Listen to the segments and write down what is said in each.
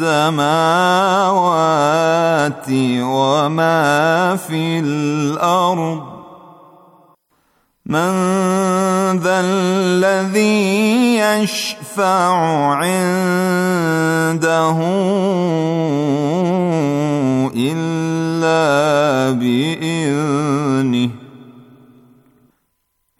السماوات وما في الارض من ذا الذي يشفع عنده الا باذنه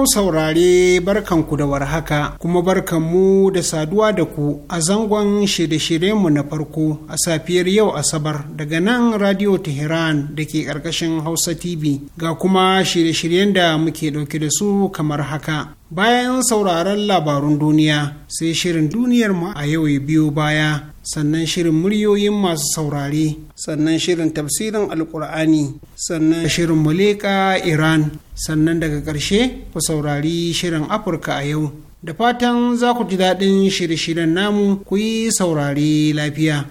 masu saurare barkanku da warhaka kuma barkanmu da saduwa da ku a zangon shirye-shiryenmu na farko a safiyar yau Asabar daga nan Radio Tehran da ke ƙarƙashin Hausa TV ga kuma shirye-shiryen da muke ɗauke da su kamar haka. bayan sauraron labarun duniya sai shirin duniyar mu a yau ya biyo baya sannan shirin muryoyin masu saurare sannan shirin tafsirin alkur'ani sannan shirin muleka iran sannan daga ƙarshe ku saurari shirin afirka a yau da fatan za ku ji daɗin shirye-shiryen namu ku yi saurare lafiya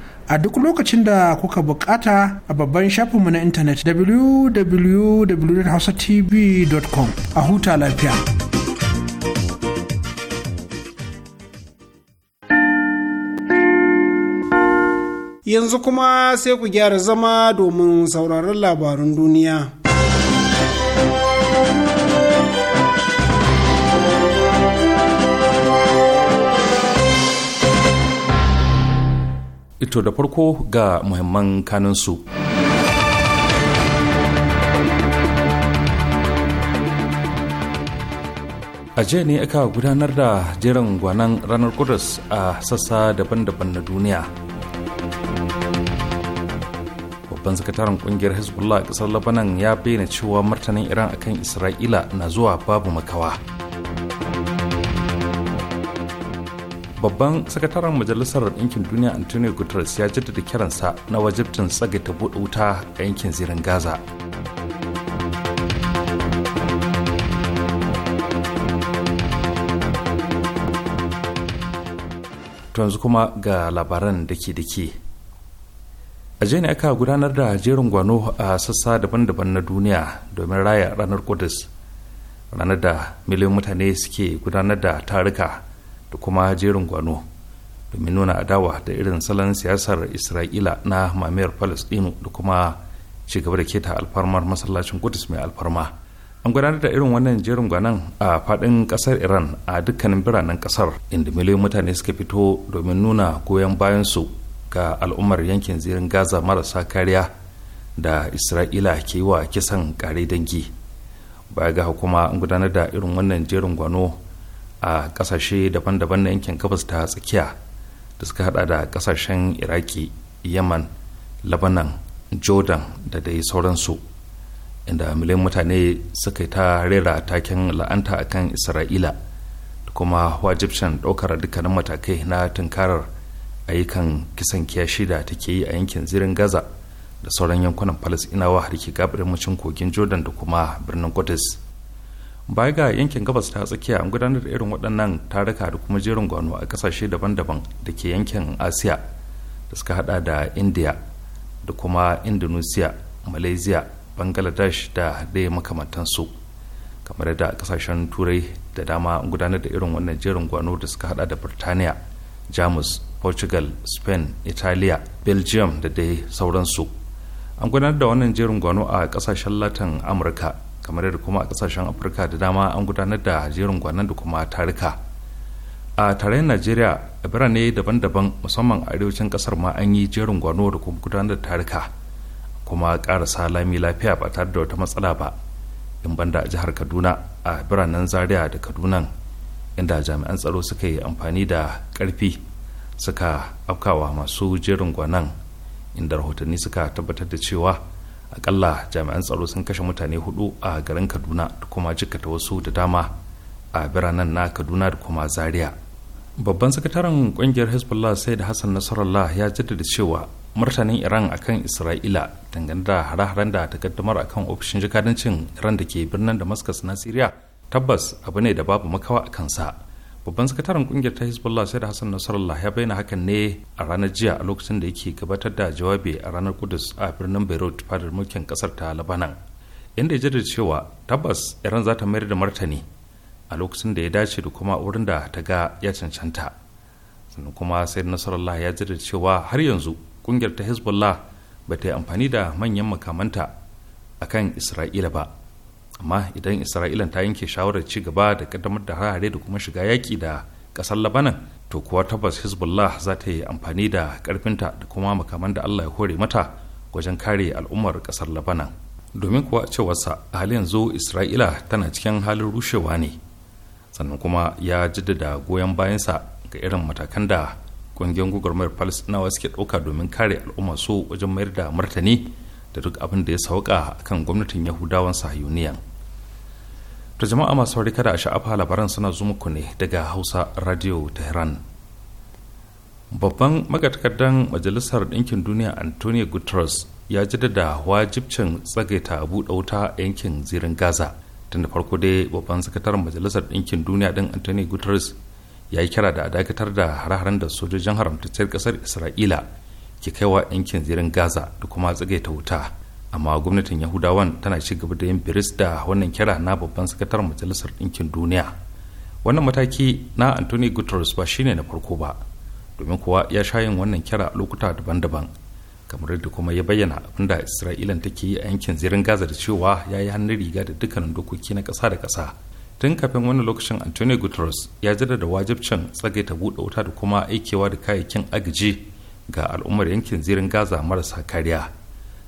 a duk lokacin da kuka bukata a babban shafinmu na intanet www.hausatv.com a huta lafiya. Yanzu kuma sai ku gyara zama domin sauraron labarun duniya. ito da farko ga muhimman kaninsu. a jiya ne aka gudanar da jerin gwanan ranar kudus a sassa daban-daban na duniya babban sakataren kungiyar hezbollah a kasar labanan ya bayyana cewa martanin iran akan isra'ila na zuwa babu makawa babban sakataren majalisar ɗinkin duniya antonio guterres ya jaddada kiransa na wajibtin tsagaita buɗe wuta a yankin zirin gaza yanzu kuma ga labaran da ke da a ne aka gudanar da jerin gwano a sassa daban-daban na duniya domin raya ranar kudus ranar da miliyan mutane suke gudanar da taruka da kuma jerin gwano domin nuna adawa da irin salon siyasar isra'ila na mamayar palestino da kuma cigaba da keta alfarmar masallacin kudus mai alfarma an gudanar da irin wannan jerin gwanon a fadin kasar iran a dukkanin biranen kasar inda miliyoyin mutane suka fito domin nuna goyon bayansu ga al'ummar yankin zirin gaza marasa kariya da isra'ila ke yi wa kisan kare dangi baya ga kuma an gudanar da irin wannan jerin gwano a kasashe daban-daban na yankin gabas ta tsakiya da suka hada da kasashen iraki yaman labanan jordan da dai sauransu inda miliyan mutane suka ta rera taken la'anta a kan isra'ila da kuma wajibcin ɗaukar dukkanin matakai na tunkarar ayyukan kisan kiyashi da take yi a yankin zirin gaza da sauran yankunan palestinawa har ke gabar kogin jordan da kuma birnin kudus baya ga yankin gabas ta tsakiya an gudanar irin waɗannan taruka da kuma jerin gwano a ƙasashe daban-daban da ke yankin asiya da suka hada da indiya da kuma indonesia malaysia bangladesh da dai makamantansu kamar da ƙasashen turai da dama an gudanar da irin wannan jerin gwano da suka hada da birtaniya jamus portugal spain italiya belgium da dai sauransu an gudanar da wannan jerin gwano a ƙasashen latin amurka kamar yadda kuma a kasashen afirka da dama an gudanar da jerin gwanan da kuma tarika a tarayyar najeriya a birane daban-daban musamman a arewacin kasar ma an yi jerin gwano da kuma gudanar da tarika kuma karasa lami lafiya ba tare da wata matsala ba in banda a jihar kaduna a biranen zaria da kaduna inda jami'an tsaro suka yi amfani da karfi suka afkawa masu jerin gwanan inda rahotanni suka tabbatar da cewa akalla jami'an tsaro sun kashe mutane hudu a garin kaduna da kuma jikata wasu da dama a biranen na kaduna da kuma zaria babban sakataren kungiyar hezbollah sai da hassan nasarallah ya jaddada cewa martanin iran akan isra'ila dangane da hare-haren da ta kaddamar akan ofishin jikadancin iran da ke birnin damascus na syria tabbas abu ne da babu makawa a kansa babban sakataren kungiyar ta hezbollah sai da hassan nasarallah ya bayyana hakan ne a ranar jiya a lokacin da yake gabatar da jawabi a ranar kudus a birnin beirut fadar mulkin kasar ta labanan inda ya jaddada cewa tabbas iran za ta mayar da martani a lokacin da ya dace da kuma wurin da ta ga ya cancanta sannan kuma sai nasarallah ya jaddada cewa har yanzu kungiyar ta hezbollah ba ta yi amfani da manyan makamanta akan isra'ila ba amma idan isra'ilan ta yanke shawarar ci gaba da kaddamar da harare da kuma shiga yaƙi da ƙasar labanan to kuwa tabbas hezbollah za ta yi amfani da ƙarfinta da kuma makaman da allah ya hore mata wajen kare al'ummar ƙasar labanan domin kuwa cewarsa a halin yanzu isra'ila tana cikin halin rushewa ne sannan kuma ya jaddada goyon bayansa ga irin matakan da ƙungiyar gwagwarmayar palestinawa suke ɗauka domin kare al'umma su wajen mayar da martani da duk abin da ya sauka kan gwamnatin yahudawan sahiyuniyan ta jama'a masu kada a sha'afa labaran suna ku ne daga hausa radio tehran babban magatakardan majalisar ɗinkin duniya antonio guterres ya jaddada wajibcin tsagaita buɗe wuta a yankin zirin gaza tun da farko dai babban sakataren majalisar ɗinkin duniya ɗin antonio guterres ya yi kira da a dakatar da hare-haren da sojojin haramtacciyar ƙasar isra'ila ke kaiwa yankin zirin gaza da kuma tsagaita wuta amma gwamnatin yahudawan tana ci gaba da yin biris da wannan kira na babban sakataren majalisar ɗinkin duniya wannan mataki na anthony guterres ba shine na farko ba domin kuwa ya sha yin wannan kira lokuta daban-daban kamar yadda kuma ya bayyana abin da isra'ilan take yi a yankin zirin gaza da cewa ya yi hannun riga da dukkanin dokoki na ƙasa da ƙasa tun kafin wani lokacin anthony guterres ya da wajibcin tsagaita buɗe wuta da kuma aikewa da kayayyakin agaji ga al'ummar yankin zirin gaza marasa kariya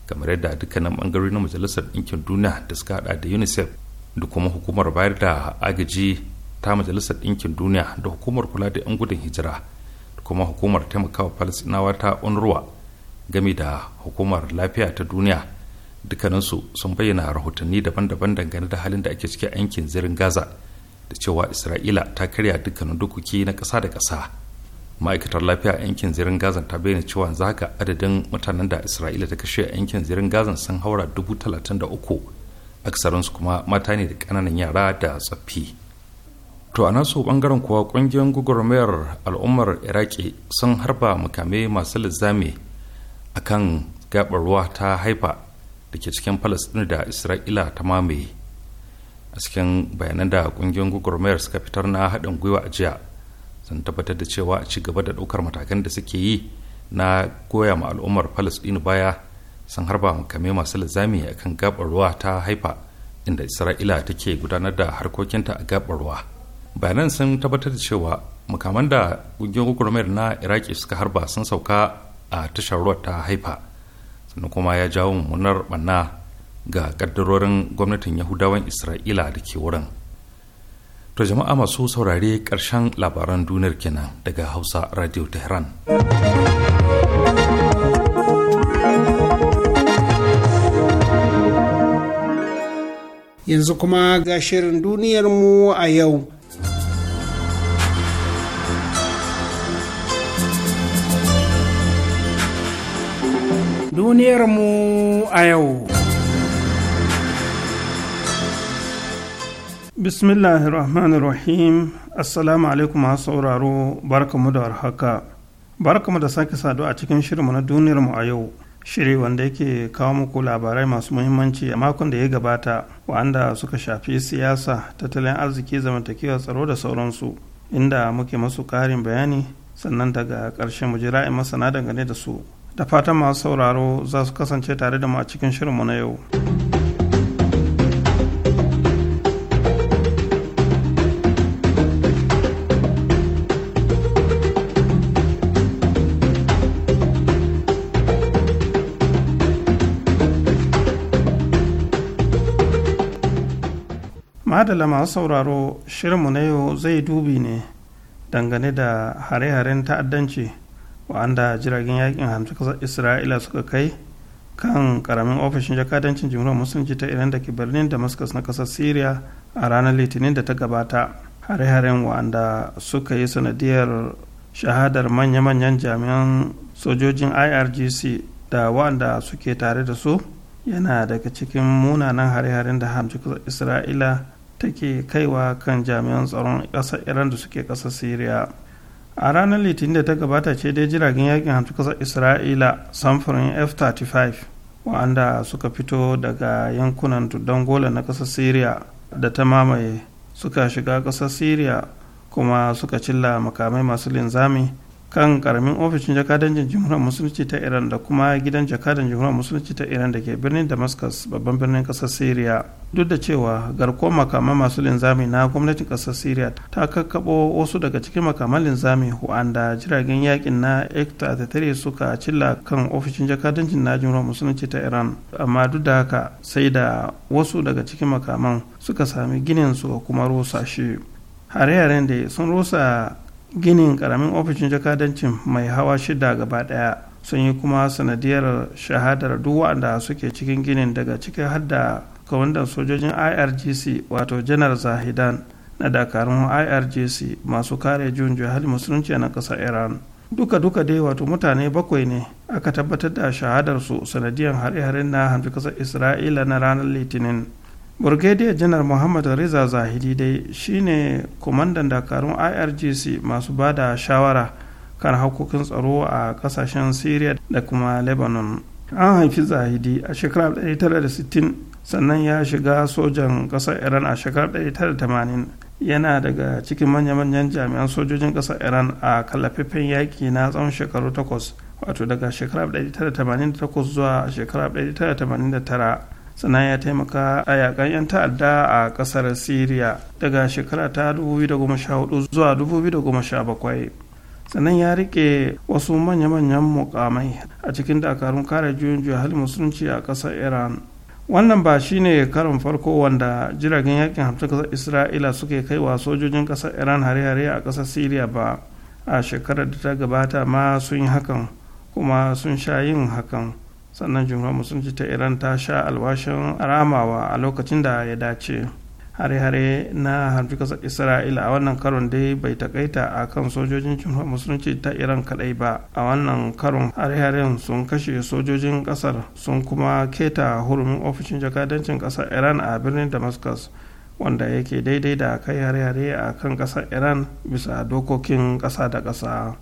kamar yadda dukkanin bangarori na majalisar ɗinkin duniya da suka hada da unicef da kuma hukumar bayar da agaji ta majalisar ɗinkin duniya da hukumar kula da 'yan gudun hijira da kuma hukumar taimakawa falasinawa ta unruwa game da hukumar lafiya ta duniya dukkaninsu sun bayyana rahotanni daban-daban dangane da halin da ake ciki a yankin zirin gaza da cewa isra'ila ta karya dukkanin dokoki na ƙasa da ƙasa ma'aikatar lafiya a yankin zirin gazan ta bayyana cewa za haka adadin mutanen da isra'ila ta kashe a yankin zirin gazan sun haura dubu talatin da uku aksarinsu kuma mata ne da ƙananan yara da tsaffi to a nasu bangaren kuwa ƙungiyar gugurmayar al'ummar iraki sun harba mukame masu lizame a kan gabar ruwa ta haifa da ke cikin palestine da isra'ila ta mamaye a cikin bayanan da ƙungiyar gugurmayar suka fitar na haɗin gwiwa a jiya sun tabbatar da cewa a ci gaba da ɗaukar matakan da suke yi na goya ma al'ummar palestine baya sun harba makamai masu lizami a kan gabar ruwa ta haifa inda isra'ila take gudanar da harkokinta a gabar ruwa bayanan sun tabbatar da cewa makaman da ƙungiyar gwagwarmayar na iraki suka harba sun sauka a tashar ruwa ta haifa sannan kuma ya jawo mummunar ɓanna ga ƙaddarorin gwamnatin yahudawan isra'ila da ke wurin To jama'a masu saurare ƙarshen labaran duniyar kenan daga Hausa Radio Tehran. Yanzu kuma ga shirin duniyarmu a yau. Duniyarmu a yau. bismillahirrahmanirrahim assalamu alaikum masu sauraro barkamu da warhaka barkamu da sake saduwa a cikin shirinmu na duniyar mu a yau shiri wanda yake kawo muku labarai masu muhimmanci a makon da ya gabata wa'anda suka shafi siyasa tattalin arziki zamantakewa tsaro da sauransu inda muke masu karin bayani sannan daga ƙarshe mu jira in masana dangane da su da fatan masu sauraro za su kasance tare da mu a cikin shirinmu na yau. madala masu sauraro shirinmu na yau zai dubi ne dangane da hare-haren ta'addanci wa'anda jiragen yakin hamsin kasar isra'ila suka kai kan karamin ofishin jakadancin jimuran musulunci ta iran da ke birnin damascus na kasar syria a ranar litinin da ta gabata hare-haren wa'anda suka yi sanadiyar shahadar manya-manyan jami'an sojojin irgc da wa'anda suke tare da su yana daga cikin munanan hare-haren da hamsin isra'ila take kaiwa kan jami'an tsaron ƙasar iran da suke ƙasar syria a ranar litinin da ta gabata ce dai jiragen yakin hantu ƙasar isra'ila samfurin f-35 wa'anda suka fito daga yankunan tuddan gola na ƙasar syria da ta mamaye suka shiga ƙasar syria kuma suka cilla makamai masu linzami kan karamin ofishin jakadancin jamhuriyar musulunci ta iran da kuma gidan jakadan jamhuriyar musulunci ta iran da ke birnin damascus babban birnin kasar syria duk da cewa garko makaman masu linzami na gwamnatin kasar syria ta kakkabo wasu daga cikin makaman linzami wanda jiragen yakin na ekta ta suka cilla kan ofishin jakadancin na jamhuriyar musulunci ta iran amma duk da haka sai da wasu daga cikin makaman suka sami ginin su kuma rusa shi hare-haren da sun rusa ginin karamin ofishin jakadancin mai hawa shida gaba daya sun yi kuma sanadiyar shahadar duk wa'anda suke cikin ginin daga cikin hadda kawandan sojojin irgc wato janar zahidan na dakarun irgc masu kare jun juhal musulunci na ƙasar iran duka duka dai wato mutane bakwai ne aka tabbatar da shahadarsu sanadiyar hare-haren na hanfi kasar isra'ila na ranar litinin brigadier janar muhammad reza zahidi dai shine kwamandan dakarun irgc masu ba da shawara kan hakokin tsaro a kasashen syria da kuma lebanon an haifi zahidi a shekarar 1960 sannan ya shiga sojan ƙasar iran a shekarar 1980 yana daga cikin manya-manyan jami'an sojojin ƙasar iran a kallafaffen yaƙi na tsawon shekaru takwas wato daga shekarar 1988 zuwa shekarar 1989 sannan ya taimaka a yakan 'yan ta'adda a kasar syria daga shekara ta 2014 zuwa 2017 sannan ya rike wasu manya-manyan mukamai a cikin dakarun kare juyin juya hali musulunci a kasar iran wannan ba shine karin farko wanda jiragen yakin hamsin kasar isra'ila suke kai wa sojojin kasar iran hare-hare a kasar syria ba a shekarar da ta gabata ma sun yi hakan kuma sun sha yin hakan sannan jumhuriyar musulunci ta iran ta sha alwashin ramawa a lokacin da ya dace hare-hare na harbi kasar isra'ila a wannan karon dai bai takaita a kan sojojin jumhuriyar musulunci ta iran kadai ba a wannan karon hare-haren sun kashe sojojin kasar sun kuma keta hurumin ofishin jakadancin kasar iran a birnin damascus wanda yake daidai da kai hare-hare a kan kasar iran bisa dokokin kasa da kasa.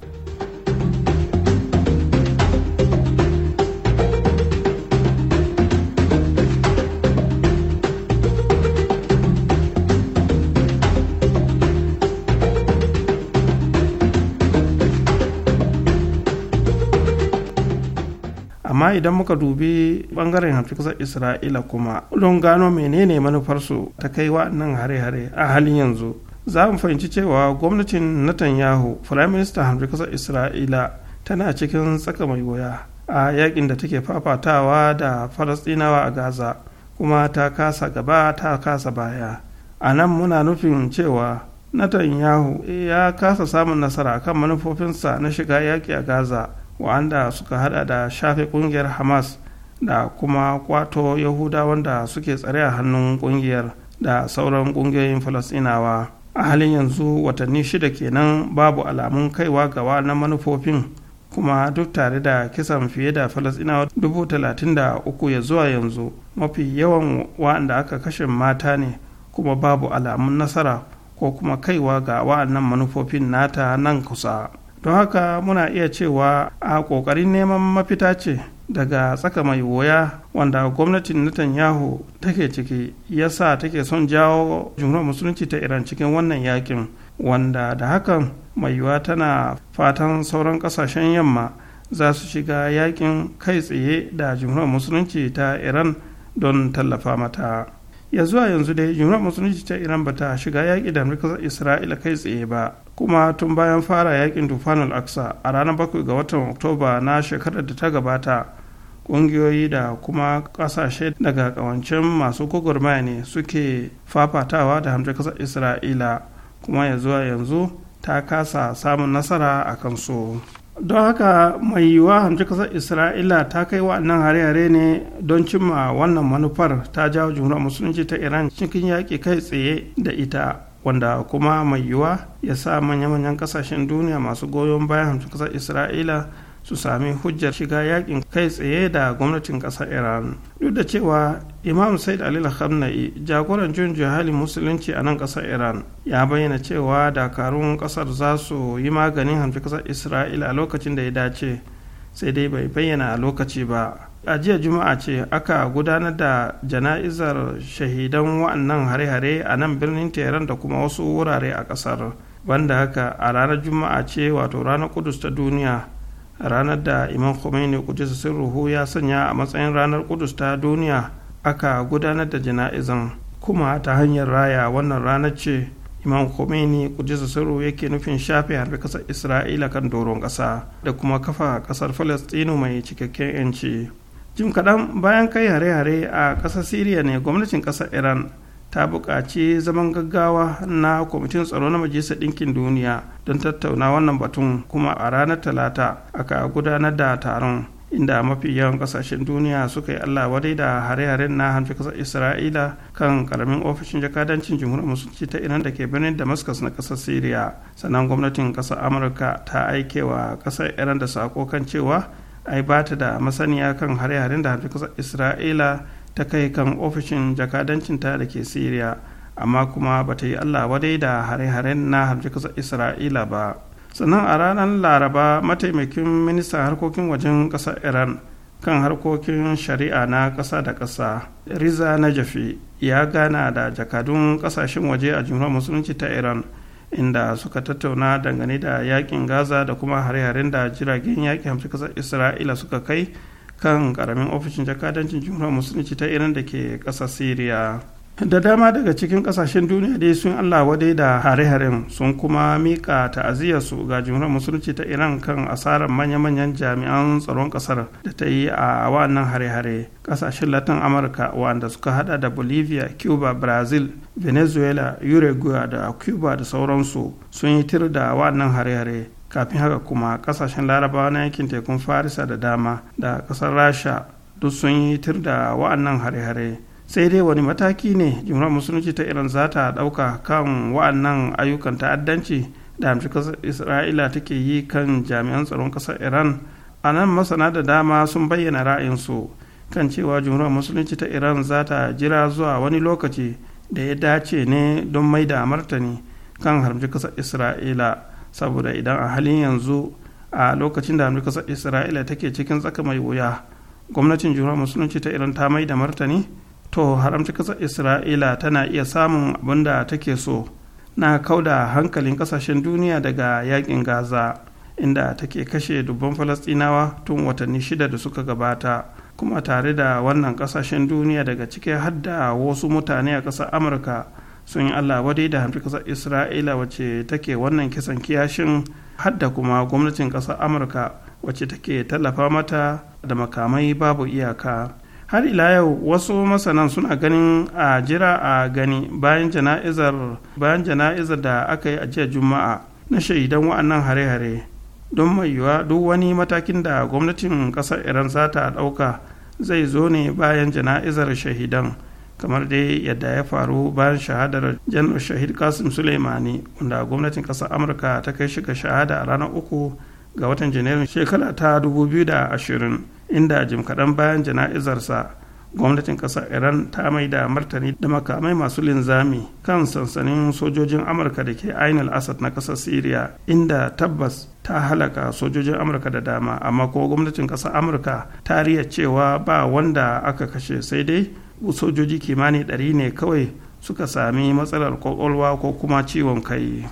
amma idan muka dubi bangaren hafizar isra'ila kuma don gano menene manufarsu ta kai nan hare-hare a halin yanzu za mu fahimci cewa gwamnatin netanyahu firayim ministan hafizar isra'ila tana cikin tsaka mai wuya a yakin da take fafatawa da falasɗinawa a gaza kuma ta kasa gaba ta kasa baya a nan muna nufin cewa netanyahu eh, ya kasa samun nasara kan manufofinsa na shiga yaki a gaza wanda suka hada da shafe kungiyar hamas da kuma kwato yahuda wanda suke tsare a hannun kungiyar da sauran kungiyoyin falasinawa a halin yanzu watanni shida kenan babu alamun kaiwa gawa na manufofin kuma duk tare da kisan fiye da falasinawa dubu talatin da uku ya zuwa yanzu mafi yawan wa'anda aka kashe mata ne kuma babu alamun nasara ko kuma kaiwa ga wa'annan manufofin nata nan kusa. don haka muna iya cewa a ƙoƙarin neman mafita ce daga tsaka mai wuya wanda gwamnatin Netanyahu take ciki ya yasa take son jawo jumhuriyar musulunci ta Iran cikin wannan yakin wanda da hakan mai yiwuwa tana fatan sauran kasashen yamma za su shiga yakin kai tsaye da jumhuriyar musulunci ta Iran don tallafa mata. ya zuwa yanzu dai jumhuriyar musulunci ta iran bata shiga yaƙi da amurka isra'ila kai tsaye ba kuma tun bayan fara yaƙin tufanul aksa a ranar bakwai ga watan oktoba na shekarar da ta gabata ƙungiyoyi da kuma ƙasashe daga ƙawancin masu gwagwarmaya ne suke fafatawa da hamdar ƙasar isra'ila kuma ya zuwa yanzu ta kasa samun nasara a kansu. don haka mai yiwuwa hamci kasar isra'ila ta kai wa'annan hare-hare ne don cimma wannan manufar ta jawo jumhuriyar musulunci ta iran cikin yaƙi kai tsaye da ita wanda kuma mai yiwuwa ya sa manya-manyan kasashen duniya masu goyon bayan hamci kasar isra'ila su sami hujjar shiga yakin kai tsaye da gwamnatin ƙasar iran duk da cewa imam said ali khamnai jagoran jin halin musulunci a nan ƙasar iran ya bayyana cewa dakarun ƙasar za su yi maganin hamfi ƙasar isra'ila a lokacin da ya dace sai dai bai bayyana a lokaci ba a jiya juma'a ce aka gudanar da jana'izar shahidan wa'annan hare-hare a nan birnin teheran da kuma wasu wurare a ƙasar banda haka a ranar juma'a ce wato ranar kudus ta duniya ranar da imam khomeini kudus sirruhu ya sanya a matsayin ranar kudus ta duniya aka gudanar da jana'izan kuma ta hanyar raya wannan ranar ce imam khomeini kudus sirruhu yake nufin shafe harbe kasar isra'ila kan doron ƙasa da kuma kafa ƙasar falastinu mai cikakken 'yanci jim kaɗan bayan kai hare-hare a ƙasar siriya ne gwamnatin ƙasar iran ta buƙaci zaman gaggawa na kwamitin tsaro na majalisar ɗinkin duniya don tattauna wannan batun kuma a ranar talata aka gudanar da taron inda mafi yawan ƙasashen duniya suka yi allah wadai da hare-haren na hanfi ƙasar isra'ila kan ƙaramin ofishin jakadancin jimhuriyar musulunci ta iran da ke birnin damascus na ƙasar syria sannan gwamnatin ƙasar amurka ta aikewa ƙasar iran da sako kan cewa ai bata da masaniya kan hare-haren da hanfi ƙasar isra'ila ta kai kan ofishin jakadancinta da ke siriya amma kuma bata yi allah wadai da hare-haren na harbi isra'ila ba sannan a ranar laraba mataimakin ministan harkokin wajen kasar iran kan harkokin shari'a na ƙasa da ƙasa riza najafi ya gana da jakadun ƙasashen waje a jumhuriyar musulunci ta iran inda suka tattauna dangane da yakin gaza da kuma hare-haren da jiragen yakin hamsin kasar isra'ila suka kai kan karamin ofishin jakadancin jumhuriyar musulunci ta iran da ke ƙasar syria da dama daga cikin ƙasashen duniya dai sun allah wadai da hare-haren sun kuma mika ta'aziyarsu ga jumhuriyar musulunci ta iran kan asarar manya-manyan jami'an tsaron ƙasar da ta yi a wannan hare-hare ƙasashen latin amurka wanda suka hada da bolivia cuba brazil venezuela uruguay da cuba da sauransu sun yi tir da wannan hare-hare kafin haka kuma kasashen larabawa na yankin tekun farisa da dama da kasar rasha duk sun yi tir da wa'annan hare-hare sai dai wani mataki ne jimrar musulunci ta iran za ta ɗauka kan wa'annan ayyukan ta'addanci da amshi kasar isra'ila take yi kan jami'an tsaron kasar iran a nan masana da dama sun bayyana ra'ayinsu kan cewa jumhuriyar musulunci ta iran za ta jira zuwa wani lokaci da ya dace ne don mai da martani kan harbi kasar isra'ila saboda idan a halin yanzu a lokacin da amurka isra'ila take cikin tsaka mai wuya gwamnatin jihar musulunci ta irin ta mai da martani to haramta kasar isra'ila tana iya samun abin da take so na kauda hankalin kasashen duniya daga yakin gaza inda take kashe dubban falastinawa tun watanni shida da suka gabata kuma tare da wannan kasashen duniya daga cike hadda wasu mutane a ƙasar amurka sun yi allah wadai da hamfi kasar isra'ila wacce take wannan kisan kiyashin hadda kuma gwamnatin kasar amurka wacce take tallafa mata da makamai babu iyaka har ila yau wasu masanan suna ganin a jira a gani bayan jana'izar bayan jana'izar da aka yi a jiya juma'a na shaidan wa'annan hare-hare don mai duk wani matakin da gwamnatin kasar iran za ta ɗauka zai zo ne bayan jana'izar shahidan kamar dai yadda ya faru bayan shahadar jan shahid kasim suleimani wanda gwamnatin kasar amurka ta kai shiga shahada a ranar uku ga watan janairun shekara ta 2020 inda jim kaɗan bayan jana'izarsa gwamnatin kasar iran ta mai da martani da makamai masu linzami kan sansanin sojojin amurka da ke ainihin asad na kasar syria inda tabbas ta halaka sojojin amurka da dama amma ko gwamnatin kasar amurka ta cewa ba wanda aka kashe sai dai sojoji kimanin ɗari ne kawai suka sami matsalar kwakwalwa ko kuma ciwon kai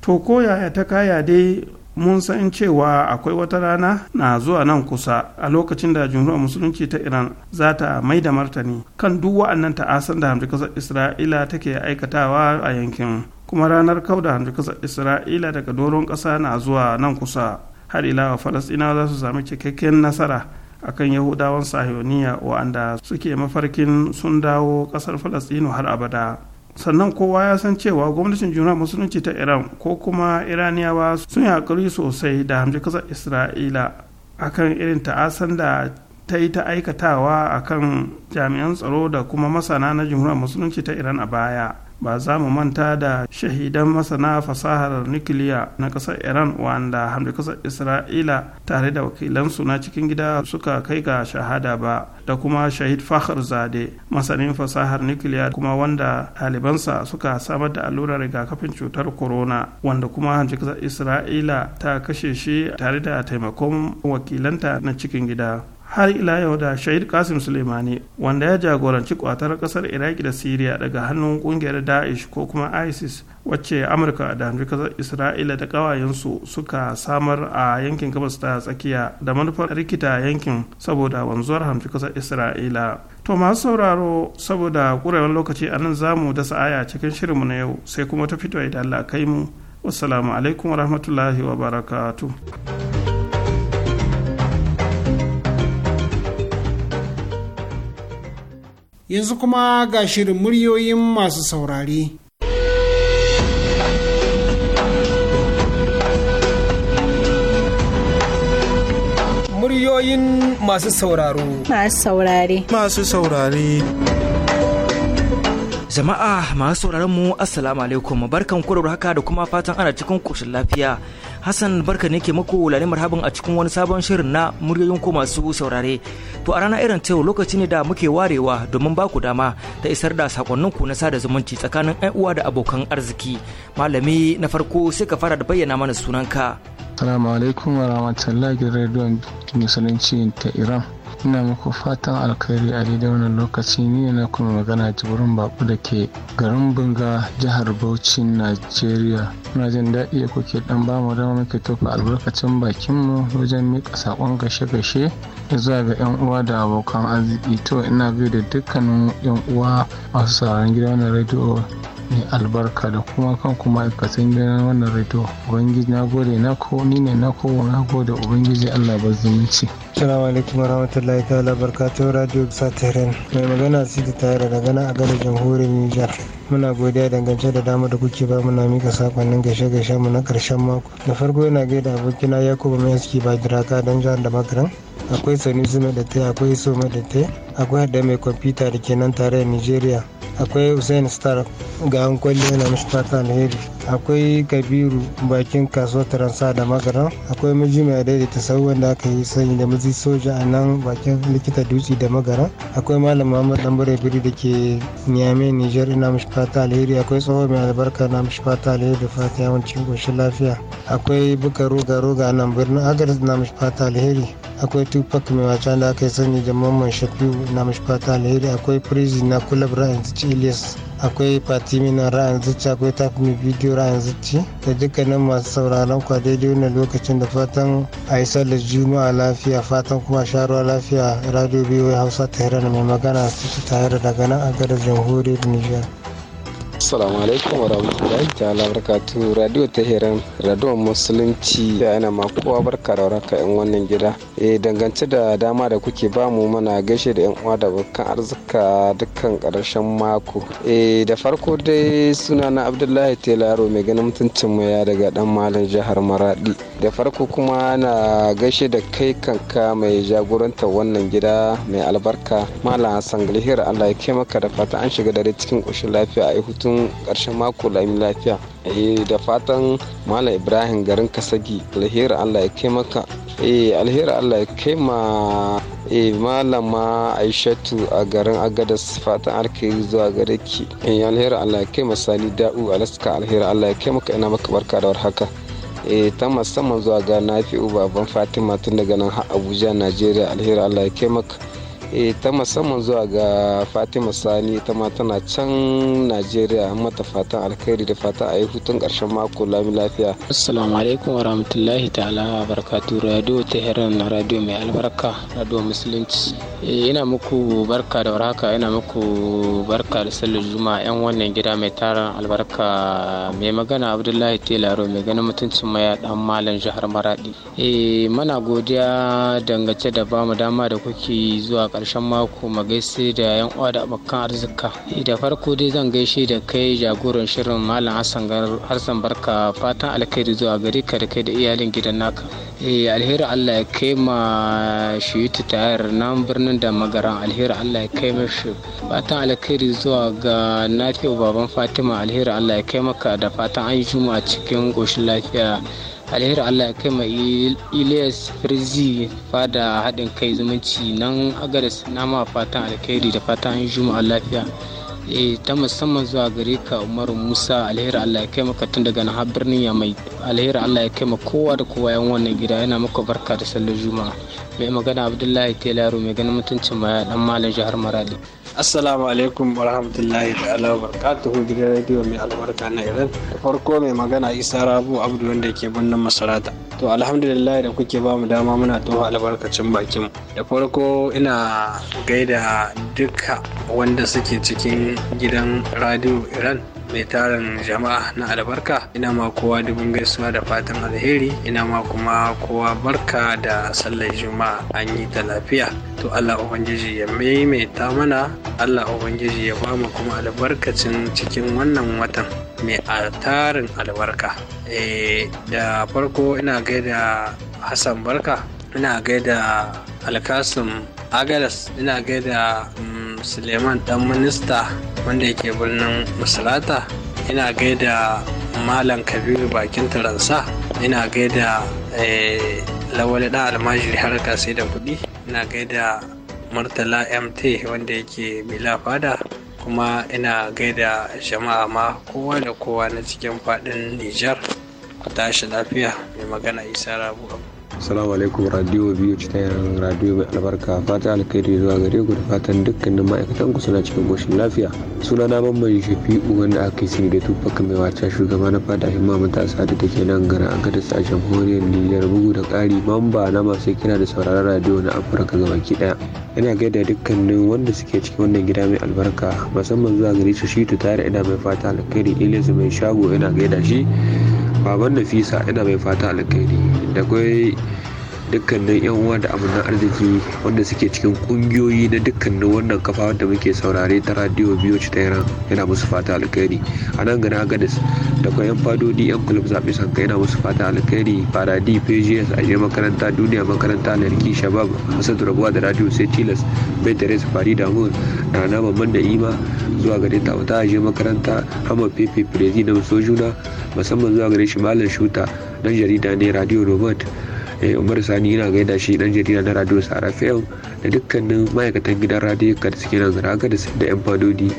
to ko yaya ta kaya dai mun san cewa akwai wata rana na zuwa nan kusa a lokacin da jumhuriyar musulunci ta iran za ta mai da martani kan duk wa'annan ta'asan da hamdu kasar isra'ila take aikatawa a yankin kuma ranar kau da hamdu kasar isra'ila daga doron ƙasa na zuwa nan kusa har ila wa falasɗinawa za su sami cikakken nasara akan yahudawan sahiyoniya wa'anda suke mafarkin sun dawo ƙasar falastinu har abada sannan kowa ya san cewa gwamnatin juna musulunci ta iran ko kuma iraniyawa sun yi sosai da hamji kasar isra'ila akan irin ta'asan da ta yi ta aikatawa akan jami'an tsaro da kuma masana na jumhuriyar musulunci ta iran a baya ba za mu manta da shahidan masana fasahar nukiliya na ƙasar iran wanda hamdu ƙasar isra'ila tare da wakilansu na cikin gida suka kai ga shahada ba da kuma shahid fahar zade masanin fasahar nukiliya kuma wanda ɗalibansa suka samar da allurar rigakafin cutar corona wanda kuma hamdu ƙasar isra'ila ta kashe shi tare da taimakon wakilanta na cikin gida har ila yau da shahid kasim suleimani wanda ya jagoranci kwatar kasar iraki da siriya daga hannun kungiyar daesh ko kuma isis wacce amurka da hamdu kasar isra'ila da kawayensu suka samar a yankin gabas ta tsakiya da manufar rikita yankin saboda wanzuwar hamfi kasar isra'ila to masu sauraro saboda kurewar lokaci a nan zamu dasa aya cikin shirinmu na yau sai kuma ta fito idan Allah kai mu wassalamu alaikum warahmatullahi wabarakatuh yanzu kuma ga shirin muryoyin masu saurare. Muryoyin masu sauraro. Masu saurare. Masu saurare. Jama'a masu sauraron mu Assalamu alaikum barkan kurar haka da kuma fatan ana cikin koshin lafiya. Hassan barka ne ke muku lare marhaban a cikin wani sabon shirin na muryoyin ko masu saurare. To a rana irin ta lokaci ne da muke warewa domin baku dama ta isar da sakonnin ku na sada zumunci tsakanin ƴan uwa da abokan arziki. Malami na farko sai ka fara da bayyana mana sunanka. Assalamu alaikum wa rahmatullahi gidan rediyon musulunci ta Iran. ina muku fatan alkhairi a daidai wannan lokaci ni na kuma magana wurin baku da ke garin bunga jihar bauchi nigeria muna jin daɗi da kuke dan ba mu dama muke tofa albarkacin bakin mu wajen mika sakon gashe gashe zuwa ga yan uwa da abokan arziki to ina biyu da dukkanin yan uwa masu sauran gidan wannan rediyo. mai albarka da kuma kan kuma aikatan gidan wannan rito ubangiji na gode na ko ni ne na ko na gode ubangiji allah ba zumunci salamu alaikum warahmatullahi ta'ala barkatun radio bisa mai magana ta tare da gana a gada jamhuriyar niger muna godiya dangance da dama da kuke ba muna mika sakonnin gashe gashe mu na karshen mako da farko yana gaida abokina yakubu mai aski ba jiraka don jihar da makaran akwai sanusi mai da akwai so mai da akwai hada mai kwamfuta da kenan tare a nigeria akwai Hussein star ga an kwalli yana mishi fata alheri akwai kabiru bakin kasuwar taransa da magaran akwai miji mai daidaita sau wanda aka yi sanyi da mazi soja a nan bakin likita dutse da magaran akwai malam muhammad dan biri da ke niyame niger ina mishi fata alheri akwai tsawon mai albarka na mishi fata alheri da fata yawancin ƙoshin lafiya akwai buka roga roga nan birnin agaris na mishi fata alheri akwai tupac mai wacan da aka yi sanyi da mamman shafiu na mishi fata alheri akwai prezi na kulab ra'ayin ilis akwai na ra'ayin zuci akwai takumi bidiyo ra'ayin zuci da dukkanin masu sauraron kwa daidai wannan lokacin da fatan a yi sallar juma'a lafiya fatan kuma sharuwa lafiya radio biyu hausa ta hira mai magana su ta hira daga nan a gadar jamhuriyar nijar Assalamu alaikum wa rahmatullahi ta'ala barkatu radio Tehran radio musulunci da yana ma kowa barka da ka yan wannan gida. e dangance da dama da kuke ba mu mana gaishe da yan uwa da abokan arzika dukkan karshen mako. Eh da farko dai suna na Abdullahi Telaro mai ganin mutuncin mu ya daga dan malam jihar Maradi. Da farko kuma na gaishe da kai kanka mai jagoranta wannan gida mai albarka malam Hassan Galhira Allah ya kai maka da fata an shiga dare cikin ƙoshin lafiya a hutun karshen ƙarshen mako lami lafiya eh da fatan malam ibrahim garin kasagi alheri allah ya kai maka eh alheri allah ya kai ma eh malama aishatu a garin agadas fatan alkhairi zuwa gare ki eh alheri allah ya kai masali da'u alaska alheri allah ya kai maka ina maka barka da warhaka eh ta musamman zuwa ga nafi'u baban fatima tun daga nan har abuja najeriya alheri allah ya kai maka Eh, ta musamman zuwa ga fatima sani ta ma tana can najeriya mata fatan alkhairi da fatan a yi hutun karshen mako lami lafiya assalamu alaikum warahmatullahi ta'ala barakatu radio ta heran radio mai albarka radio musulunci eh, ina muku barka da warhaka ina muku barka da sallar juma'a yan wannan gida mai tarin albarka mai magana abdullahi telaro mai ganin mutuncin maya dan malam jihar maradi eh, mana godiya dangace da bamu dama da kuke zuwa ƙarshen mako ma gaishe da yan uwa da abokan arzika da farko dai zan gaishe da kai jagoran shirin malam hassan harsan barka fatan alkhairi zuwa gari ka da kai da iyalin gidan naka eh, alheri allah ya kai ma shi tayar nan birnin da magaran alheri allah ya kai mashi fatan alkhairi zuwa ga nafi baban fatima alheri allah ya kai maka da fatan an yi juma'a cikin ƙoshin lafiya alheri allah ya kai mai ilias firzi fada haɗin kai zumunci nan agaris na ma fatan alkhairi da fatan juma'a lafiya eh, ta musamman zuwa gare ka umar musa alheri allah ya kai maka tun daga na birnin ya mai alheri allah ya kai ma kowa da kowa yan wannan gida yana maka barka da sallar juma'a mai magana abdullahi telaro mai ganin mutuncin ma dan malam jihar maradi Assalamu alaikum wa rahmatullahi ta'ala wa barakatuhu gidan rediyo mai albarka na Iran. Da farko mai magana Isa Rabu Abdu wanda ke birnin Masarata. To alhamdulillah da kuke ba mu dama muna tuho albarkacin bakin. Da farko ina gaida duka wanda suke cikin gidan radiyo Iran. mai tarin jama'a na albarka ina ma kowa dubin gaisuwa da fatan alheri ina ma kuma kowa barka da sallar juma'a an yi ta lafiya to allah ubangiji ya maimaita mana allah ubangiji ya ba mu kuma albarkacin cikin wannan watan mai a tarin albarka eh, da farko ina gaida hassan barka ina gaida alkasim agaras ina gaida mm, suleiman ɗan minista wanda yake birnin masarata ina gaida malam kabiru bakin taransa ina gaida eh, lawali da almajiri harka sai da kuɗi ina gaida murtala mt wanda yake bila fada kuma ina gaida jama'a ma kowa da kowa na cikin faɗin nijar ku tashi lafiya mai magana isa rabu Assalamu alaikum radio biyu cikin radio mai albarka fata alkhairi zuwa gare ku da fatan dukkanin ma'aikatan ku suna cikin goshin lafiya. Suna na mamman shafi'u wanda aka yi da tupac mai wata shugaba na fata himma matasa da take nan gara a gadis a jamhuriyar Nijar bugu da ƙari mamba na masu kira da sauraron radio na Afirka gabaki ɗaya. Ina gaida dukkanin wanda suke cikin wannan gida mai albarka musamman zuwa gare shi shi tare ina mai fata alkhairi Ilyas mai shago ina gaida shi. baban nafisa ina mai fata alkhairi da kwai dukkanin yan uwa da amina arziki wanda suke cikin kungiyoyi na dukkanin wannan kafa wanda muke saurare ta radio biyu ci yana yana musu fata alkhairi a nan gana ga da kuma yan fadodi yan kulub zaɓe sanka yana musu fata alkhairi faradi pgs aje makaranta duniya makaranta larki shabab masu turabuwa da radio sai tilas bai da fari da mun na na da ima zuwa gare ta wata aje makaranta hama pepe prezi na musojuna musamman zuwa gare shi malam shuta dan jarida ne radio robert umar sani ina gaida shi dan jarida na radio sara fm da dukkanin ma'aikatan gidan radio kan suke nan zara da yan fadodi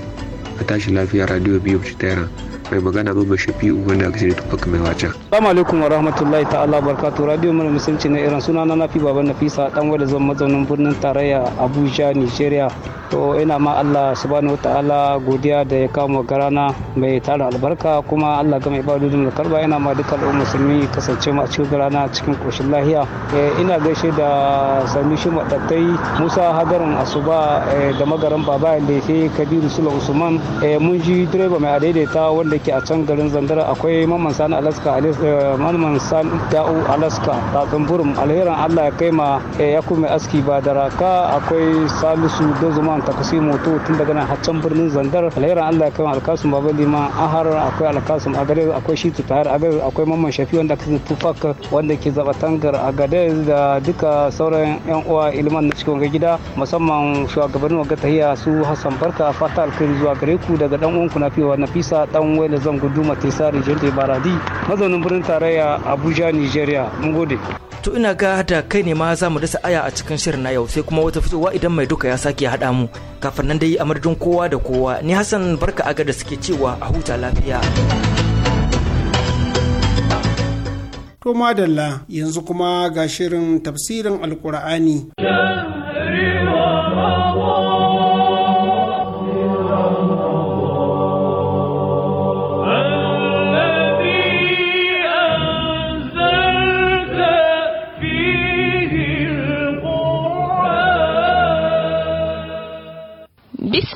a tashi lafiya radio biyu ta yana mai magana babban shafi wanda aka sani tupac mai wacha Salamu alaikum wa rahmatullahi ta'ala barkatu radio mana musulunci na iran suna na nafi baban nafisa dan wanda zan mazaunin birnin tarayya abuja nigeria to ina ma allah subhanahu ta'ala godiya da ya kama garana mai tara albarka kuma allah ga mai ba da karba ina ma dukkan musulmi kasance ma a cikin garana cikin koshin lahiya eh, ina gaishe da sami shi madattai musa hadarin asuba eh, da magaran baba lefe kabiru sula usman eh, mun ji direba mai adaidaita wanda aiki a can garin zandara akwai mamman sani alaska eh, mamman sani da'u alaska ratsun burum alheran allah ya kai ma eh, ya kuma aski ba da raka akwai salisu da dozuman takasi moto tun daga nan haccan birnin zandar alheran allah ya kai ma alkasum baba liman ahar akwai alkasun agadez akwai shitu tahar agadez akwai mamman shafi wanda kasan tufak wanda ke zaba tangar agadez da duka sauran yan uwa ilman na cikin gida musamman shugabannin wagatahiya su hassan barka fata alkhairi zuwa gare ku daga dan uwanku na fiwa nafisa dan wani zan guduma tesari jirgin baradi mazaunin birnin tarayya abuja nigeria mun gode to ina ga da kai ne ma za mu dasa aya a cikin shirin na yau sai kuma wata fitowa idan mai duka ya sake haɗa mu kafin nan dai a madadin kowa da kowa ni hassan barka aga da suke cewa a huta lafiya to madalla yanzu kuma ga shirin tafsirin alkur'ani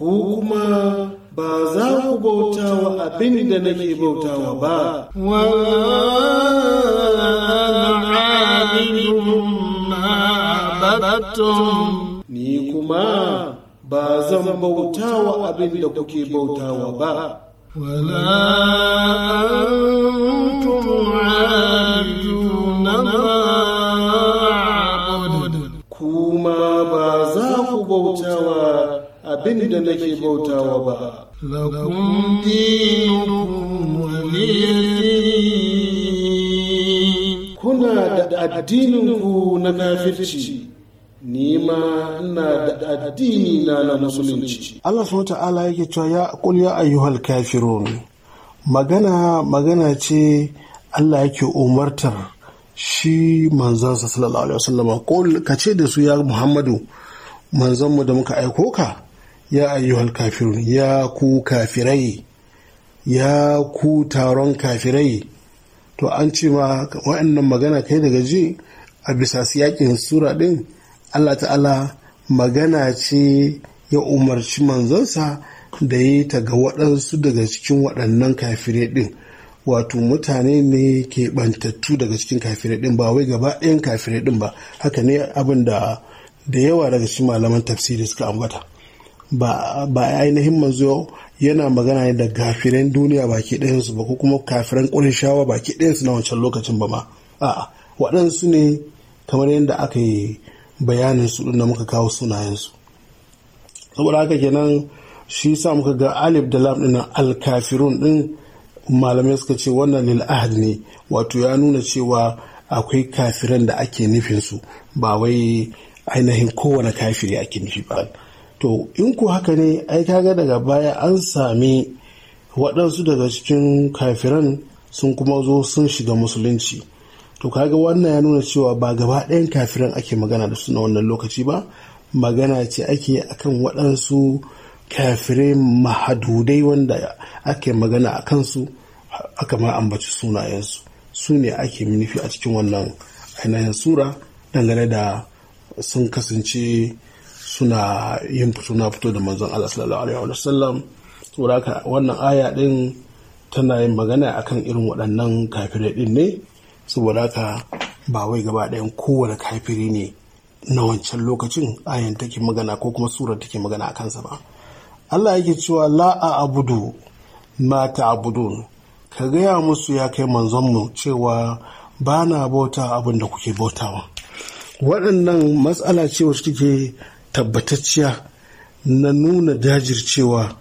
ku kuma ba za ku bauta wa abin da nake bautawa ba. Ni kuma ba zan bauta wa abin da kuke bautawa ba. Kuma ba za ku أعبد كما abin da nake bautawa ba. Kuna da addininku na kafirci. Ni na da addini na na musulunci. Allah sun ta'ala yake cewa ya qul ya ayyuhal kafirun. Magana magana ce Allah yake umartar shi manzansa sallallahu alaihi wasallam ka ce da su ya Muhammadu manzanmu da muka aiko ka ya ayyuhal kafirun ya ku kafirai ya ku taron kafirai to an ce ma wa'annan magana kai daga ji a bisa su yaƙin sura ɗin allah ta'ala magana ce ya umarci manzansa da ya ta ga waɗansu daga cikin waɗannan kafirai ɗin wato mutane ne ke bantattu daga cikin kafirai ɗin ba wai gaba ɗayan kafirai ɗin ba haka ne abin da da yawa daga cikin malaman tafsiri suka ambata. ba ainihin manzo yana magana ne da kafiran duniya baki ɗayansu ba ko kuma kafiran shawa baki ɗayansu na wancan lokacin ba ma a'a waɗansu ne kamar yadda aka yi bayanin su da muka kawo sunayensu saboda haka kenan shi sa muka ga alif da lam ɗin alkafirun ɗin malamai suka ce wannan lil ne wato ya nuna cewa akwai kafiren da ake nufin su ba wai ainihin kowane kafiri ake nufi ba to in ku haka ne ai kaga daga baya an sami waɗansu daga cikin kafiran sun kuma zo sun shiga musulunci to kaga wannan ya nuna cewa ba gaba ɗayan kafiran ake magana da su na wannan lokaci ba magana ce ake akan waɗansu kafirai mahadudai wanda ake magana a kansu aka ma ambaci sunayensu su ne ake nufi a cikin wannan ainihin sura dangane da sun kasance suna yin suna fito da manzon Allah sallallahu alaihi wa sallam saboda haka wannan aya din tana yin magana akan irin waɗannan kafirai din ne saboda haka ba wai gaba ɗaya kowane kafiri ne na wancan lokacin ayan take magana ko kuma sura take magana a kansa ba Allah yake cewa la a abudu ma ta abudu ka gaya musu ya kai manzonmu cewa ba na bauta abin da kuke bautawa waɗannan matsala ce wacce take tabbatacciya na nuna jajircewa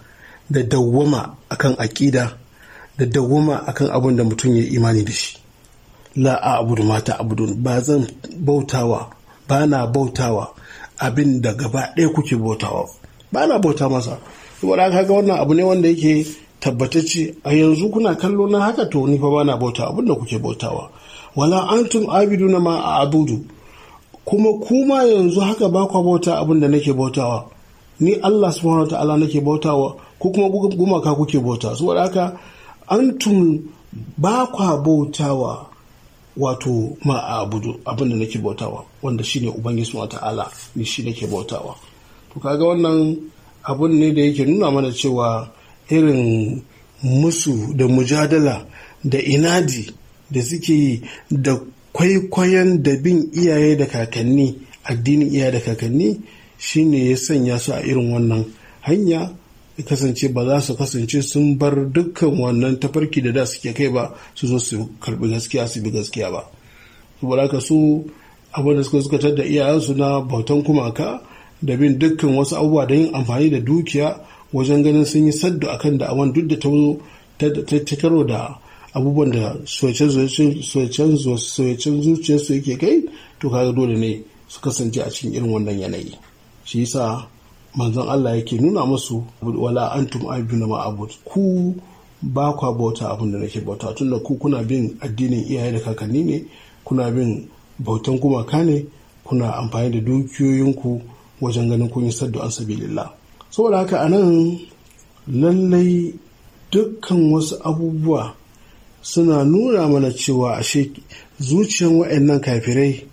da dawwama akan aƙida da dawwama akan abin da mutum ya imani da shi la a abudu mata abudu ba zan bautawa ba na bautawa abin da gaba ɗaya kuke bautawa ba na bauta masa saboda haka wannan abu ne wanda yake tabbatacce a yanzu kuna kallo na haka to ni fa bana bauta abin da kuke bautawa wala antum abiduna ma a abudu kuma kuma yanzu haka ba kwa bauta abin da nake bautawa ni Allah subhanahu wa ta'ala nake bautawa ko kuma gumaka kuke bauta saboda haka antum ba kwa bautawa wato ma abudu abin da nake bautawa wanda shine ubangiji subhanahu wa ta'ala ni shi nake bautawa to kaga wannan abun ne da yake nuna mana cewa irin musu da mujadala da inadi da suke yi da kwaikwayon da bin iyaye da kakanni addinin iyaye da kakanni shine ya sanya su a irin wannan hanya ya kasance ba za su kasance sun bar dukkan wannan tafarki da da suke kai ba su zo su karbi gaskiya su bi gaskiya ba saboda haka su abin da suka suka da iyayensu na bautan kumaka da bin dukkan wasu abubuwa da yin amfani da dukiya wajen ganin sun yi saddu akan da'awan duk da ta ta karo da abubuwan da soyacen zuciyarsu yake kai to kaga dole ne su kasance a cikin irin wannan yanayi shi yasa manzon Allah yake nuna masu wala antum abiduna ma abu ku ba kwa bauta abin da nake bauta tunda ku kuna bin addinin iyaye da kakanni ne kuna bin bautan gumaka ne kuna amfani da dukiyoyinku wajen ganin kun yi saddu an saboda haka anan lallai dukkan wasu abubuwa suna nuna mana cewa ashe zuciyar waɗannan kafirai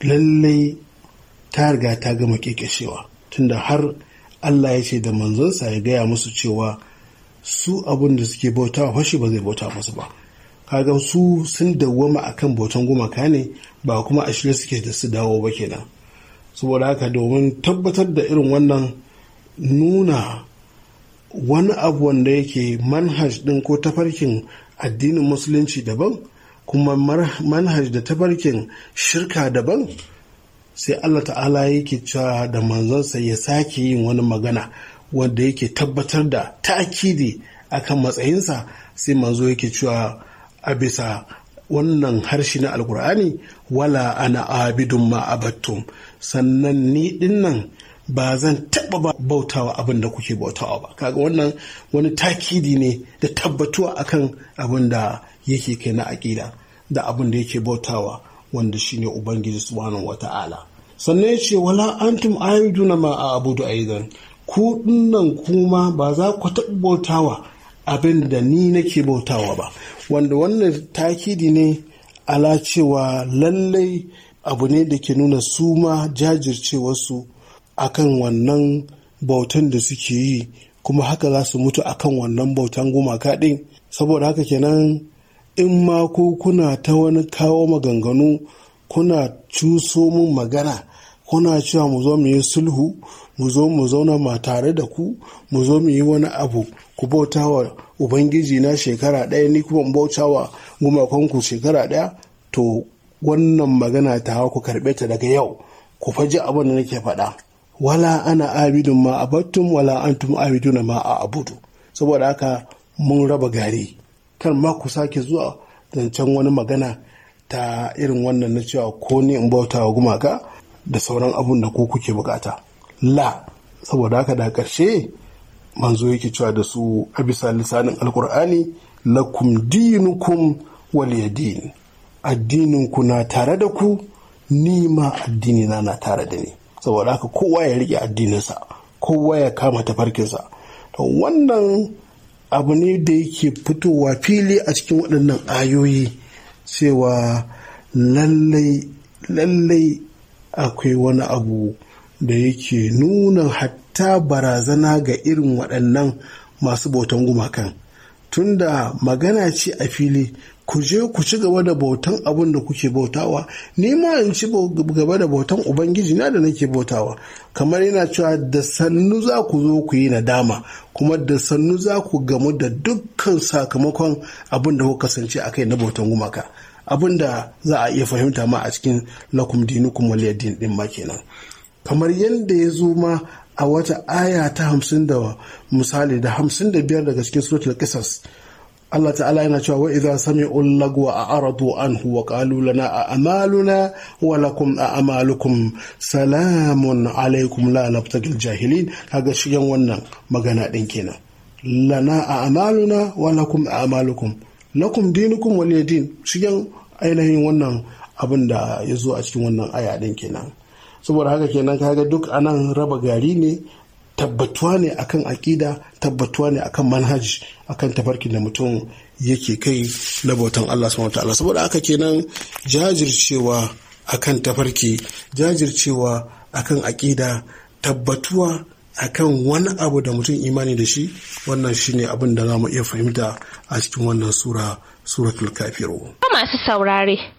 lallai ta riga ta gama kekeshewa tunda har Allah ya ce da manzonsa ya gaya musu cewa su abin da suke bauta fashi ba zai bauta musu ba kaga su sun dawwama akan bautan gumaka ne ba kuma a suke da su dawo ba kenan saboda haka domin tabbatar da irin wannan nuna wani abu wanda yake manhaj din ko tafarkin addinin musulunci daban kuma manhaj da tabarkin shirka daban sai Allah ta'ala yake cewa da manzonsa ya sake yin wani magana wanda yake tabbatar da ta'akidi akan matsayinsa sai manzo yake cewa a bisa wannan harshe na alkur'ani wala ana abidun ma sannan ni dinnan ba zan taɓa bautawa abin da kuke bautawa ba kaga wannan wani takidi ne da tabbatuwa akan abin da yake kai na aƙida da abin da yake bautawa wanda shine ubangiji subhanahu wata'ala sannan ce wala antum ayyuduna ma a abudu aidan ku dinnan kuma ba za ku taɓa bautawa abin da ni nake bautawa ba wanda wannan takidi ne ala cewa lallai abu ne da ke nuna suma ma jajircewarsu akan wannan bautan da suke yi kuma haka za su mutu akan wannan bautan gumaka ɗin saboda haka kenan in ma ko kuna ta wani kawo maganganu kuna cuso mun magana kuna cewa mu zo mu yi sulhu mu zo mu zauna ma tare da ku mu zo mu yi wani abu ku bauta wa ubangiji na shekara ɗaya ni kuma bauta wa gumakonku shekara ɗaya to wannan magana ta ku karɓe ta daga yau ku faji abin da nake faɗa wala ana abidun ma a batun wala antum abidun ma a abudu saboda haka mun raba gari kan ma ku sake zuwa zancen wani magana ta irin wannan na cewa ko ne in bauta wa gumaka da sauran abun da ku kuke bukata la saboda haka da ƙarshe manzo yake cewa da su a bisa lisanin alkur'ani lakum dinukum yadin addinin ku na tare da ku ni ma addinina na tare da ni saboda haka kowa ya riƙe addininsa kowa ya kama tafarkinsa to wannan abu ne da yake fitowa fili a cikin waɗannan ayoyi cewa lallai lallai akwai wani abu da yake nuna hatta barazana ga irin waɗannan masu bautan gumakan tunda magana ce a fili ku je ku ci gaba da bautan abin da kuke bautawa ni ma in ci gaba da bautan ubangiji na da nake bautawa kamar yana cewa da sannu za ku zo ku yi nadama kuma da sannu za ku gamu da dukkan sakamakon abin da kuka kasance a kai na bautan gumaka abin da za a iya fahimta ma a cikin lakum dinukum waliyadin din ma kenan kamar yadda ya zo ma a wata aya ta hamsin da misali da hamsin da biyar daga cikin suratul qisas Allah ta'ala yana cewa wa idza sami'u a a'radu anhu wa qalu lana a'maluna wa lakum a'malukum salamun alaikum la nabtagil jahilin kaga shigen wannan magana din kenan lana a'maluna wa lakum a'malukum lakum dinukum wal din shigen ainihin wannan abin da ya zo a cikin wannan aya din kenan saboda haka kenan kaga duk anan raba gari ne tabbatuwa ne akan aƙida tabbatuwa ne akan manhaji akan tafarkin da mutum yake kai na bautan Allah subhanahu ta'ala saboda haka kenan jajircewa akan tafarki jajircewa akan aƙida tabbatuwa akan wani abu da mutum imani da shi wannan shine abin da za mu iya fahimta a cikin wannan sura suratul kafiru masu saurare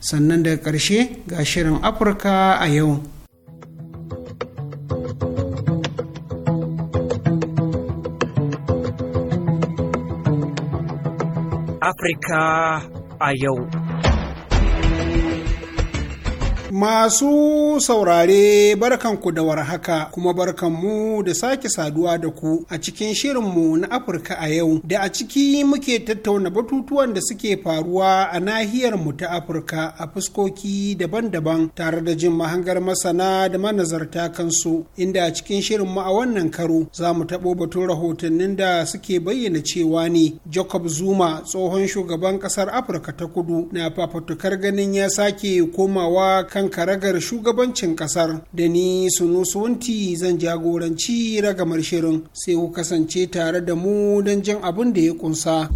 sannan daga ƙarshe ga shirin afirka a yau afirka a yau Masu saurare barkanku da warhaka kuma barkanmu da sake saduwa da ku a cikin shirinmu na Afirka a yau da a ciki muke tattauna batutuwan da suke faruwa a nahiyar mu ta Afirka a fuskoki daban-daban tare da jin mahangar masana da manazarta kansu inda a cikin shirinmu a wannan karo za mu taɓo batun rahotannin da suke bayyana cewa ne Jacob Zuma tsohon shugaban ƙasar Afirka ta kudu na fafatukar ganin ya sake komawa kan karagar shugabancin kasar da ni sunusunti zan jagoranci ragamar shirin sai ku kasance tare da mu don jin abin da ya kunsa.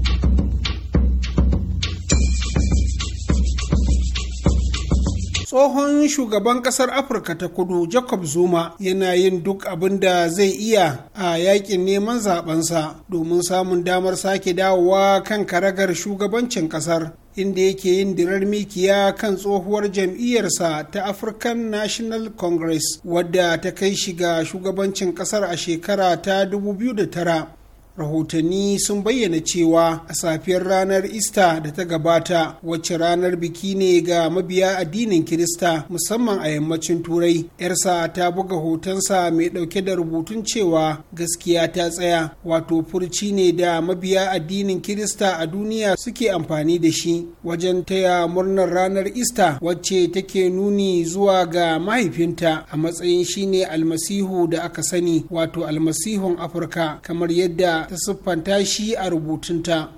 tsohon shugaban kasar afirka ta kudu jacob zuma yana yin duk abin da zai iya a yakin neman zabensa domin samun damar sake dawowa kan karagar shugabancin kasar inda yake yin dirar mikiya kan tsohuwar jam'iyyarsa ta african national congress wadda ta kai shiga shugabancin kasar a shekara ta 2009 rahotanni sun bayyana cewa a safiyar ranar ista da ta gabata wacce ranar biki ne ga mabiya addinin kirista musamman a yammacin turai yarsa ta buga hotonsa mai ɗauke da rubutun cewa gaskiya ta tsaya wato furci ne da mabiya addinin kirista a duniya suke amfani da shi wajen taya murnar ranar ista wacce take nuni zuwa ga mahaifinta a matsayin shine almasihu da aka sani wato almasihun afirka kamar yadda ta siffanta shi a rubutunta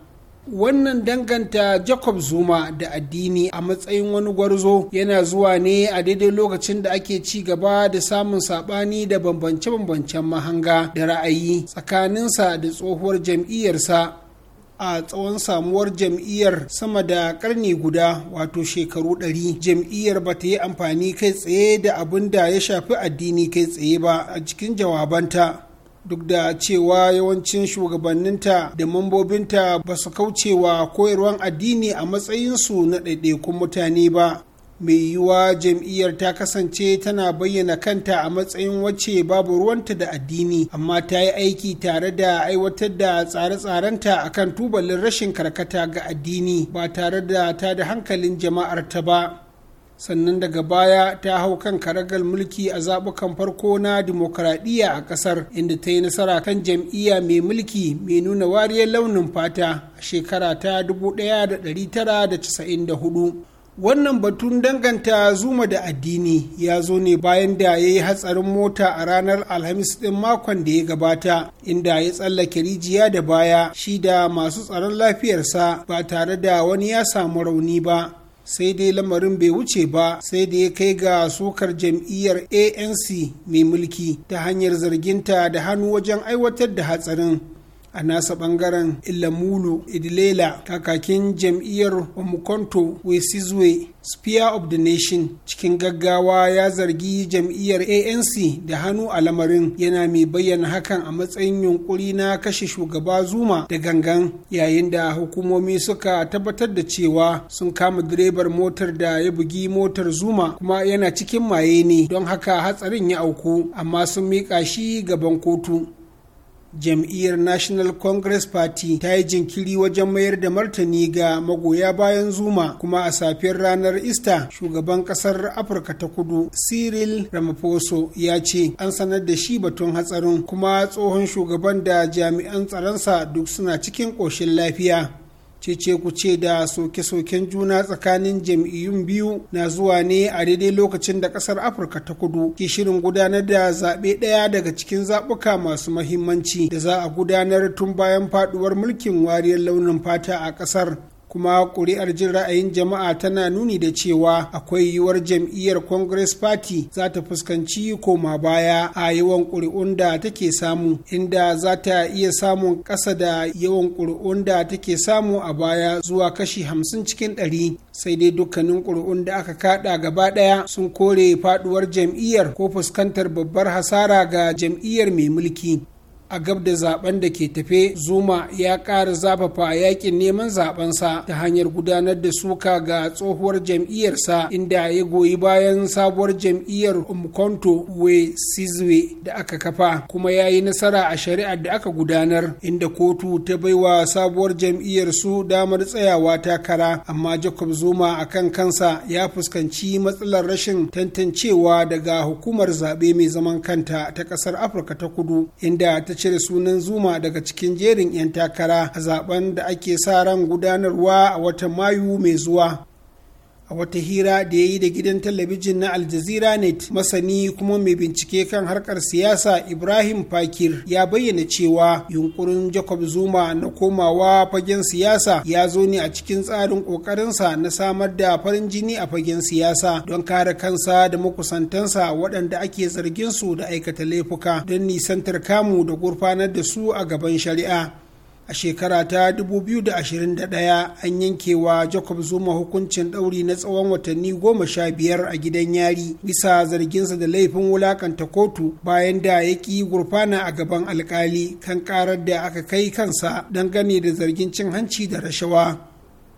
wannan danganta jacob zuma da addini a matsayin wani gwarzo yana zuwa ne a daidai lokacin da ake ci gaba da samun sabani da bambance-bambancen mahanga da ra'ayi tsakaninsa da tsohuwar jam'iyyarsa a tsawon samuwar jam'iyyar sama da karni guda wato shekaru ɗari jam'iyyar ba ta yi amfani kai tsaye da abin da ya shafi addini kai tsaye ba a cikin jawabanta duk da cewa yawancin shugabanninta da mambobinta ba su kaucewa koyarwan addini a matsayinsu na ɗaiɗaikun mutane ba mai yiwuwa jam'iyyar ta kasance tana bayyana kanta a matsayin wacce babu ruwanta da addini amma ta yi aiki tare da aiwatar da tsare-tsarenta a kan tubalin rashin karkata ga addini ba tare da ta da hankalin jama'arta ba sannan daga baya ta hau kan karagar mulki a zaɓukan farko na dimokuraɗiyya a ƙasar inda ta yi nasara kan jam'iyya mai mulki mai nuna wariyar launin fata a shekara ta 1994 wannan batun danganta zuma da addini ya zo ne bayan da ya yi hatsarin mota a ranar alhamis ɗin makon da ya gabata inda ya tsallake rijiya da baya shi da masu tsaron lafiyarsa ba tare da wani ya samu rauni ba sai dai lamarin bai wuce ba sai da ya kai ga sukar jam'iyyar anc mai mulki ta hanyar zarginta da hannu wajen aiwatar da hatsarin a nasa bangaren ilamulu idilela kakakin jam'iyyar omukonto wesizwe spear of the nation cikin gaggawa ya zargi jam'iyyar anc da hannu a lamarin yana mai bayyana hakan a matsayin yunkuri na kashe shugaba zuma da gangan yayin da hukumomi suka tabbatar da cewa sun kama direbar motar da ya bugi motar zuma kuma yana cikin maye ne don haka hatsarin ya auku amma sun miƙa shi gaban kotu jam'iyyar national congress party ta yi jinkiri wajen mayar da martani ga magoya bayan zuma kuma a safiyar ranar Easter shugaban kasar afirka ta kudu cyril ramaphosa ya ce an sanar da shi batun hatsarin kuma tsohon shugaban da jami'an tsaronsa duk suna cikin ƙoshin lafiya cece ku ce da soke-soken juna tsakanin jam'iyyun biyu na zuwa ne a daidai lokacin da kasar afirka ta kudu ke shirin gudanar da zaɓe ɗaya daga cikin zaɓuka masu mahimmanci da za a gudanar tun bayan faɗuwar mulkin wariyar launin fata a ƙasar kuma ƙuri'ar jin ra'ayin jama'a tana nuni da cewa akwai yiwuwar jam'iyyar congress party za ta fuskanci koma baya a yawan ƙuri'un da take samu inda za ta iya samun ƙasa da yawan ƙuri'un da take samu a baya zuwa kashi hamsin cikin ɗari sai dai dukkanin ƙuri'un da aka kaɗa gaba ɗaya sun kore faɗuwar jam'iyyar ko fuskantar babbar hasara ga jam'iyyar mai mulki a gab da zaben da ke tafe zuma ya ƙara zafafa yakin neman zabensa ta hanyar gudanar da suka ga tsohuwar jam'iyyarsa inda ya goyi bayan sabuwar jam'iyyar umkonto we sizwe da aka kafa kuma ya yi nasara a shari'ar da aka gudanar inda kotu ta baiwa sabuwar jam'iyyar su damar tsayawa takara amma jacob zuma a kan kansa ya fuskanci matsalar rashin tantancewa daga hukumar zaɓe mai zaman kanta ta ƙasar afirka ta kudu inda ta cire sunan zuma daga cikin jerin 'yan takara a zaben da ake sa ran gudanarwa a watan mayu mai zuwa a wata hira da ya yi da gidan talabijin na AlJazeera net masani kuma mai bincike kan harkar siyasa ibrahim fakir ya bayyana cewa yunkurin jacob zuma na komawa fagen siyasa ya zo ne a cikin tsarin kokarinsa na samar da farin jini a fagen siyasa don kare kansa da makusantansa waɗanda ake zargin su da aikata laifuka don nisantar kamu da gurfanar da su a gaban shari'a a shekara ta 2021 an yankewa jacob zuma hukuncin ɗauri na tsawon watanni goma sha biyar a gidan yari bisa zarginsa da laifin wulakanta kotu bayan da ya ƙi gurfana a gaban alkali kan karar da aka kai kansa dangane da zargin cin hanci da rashawa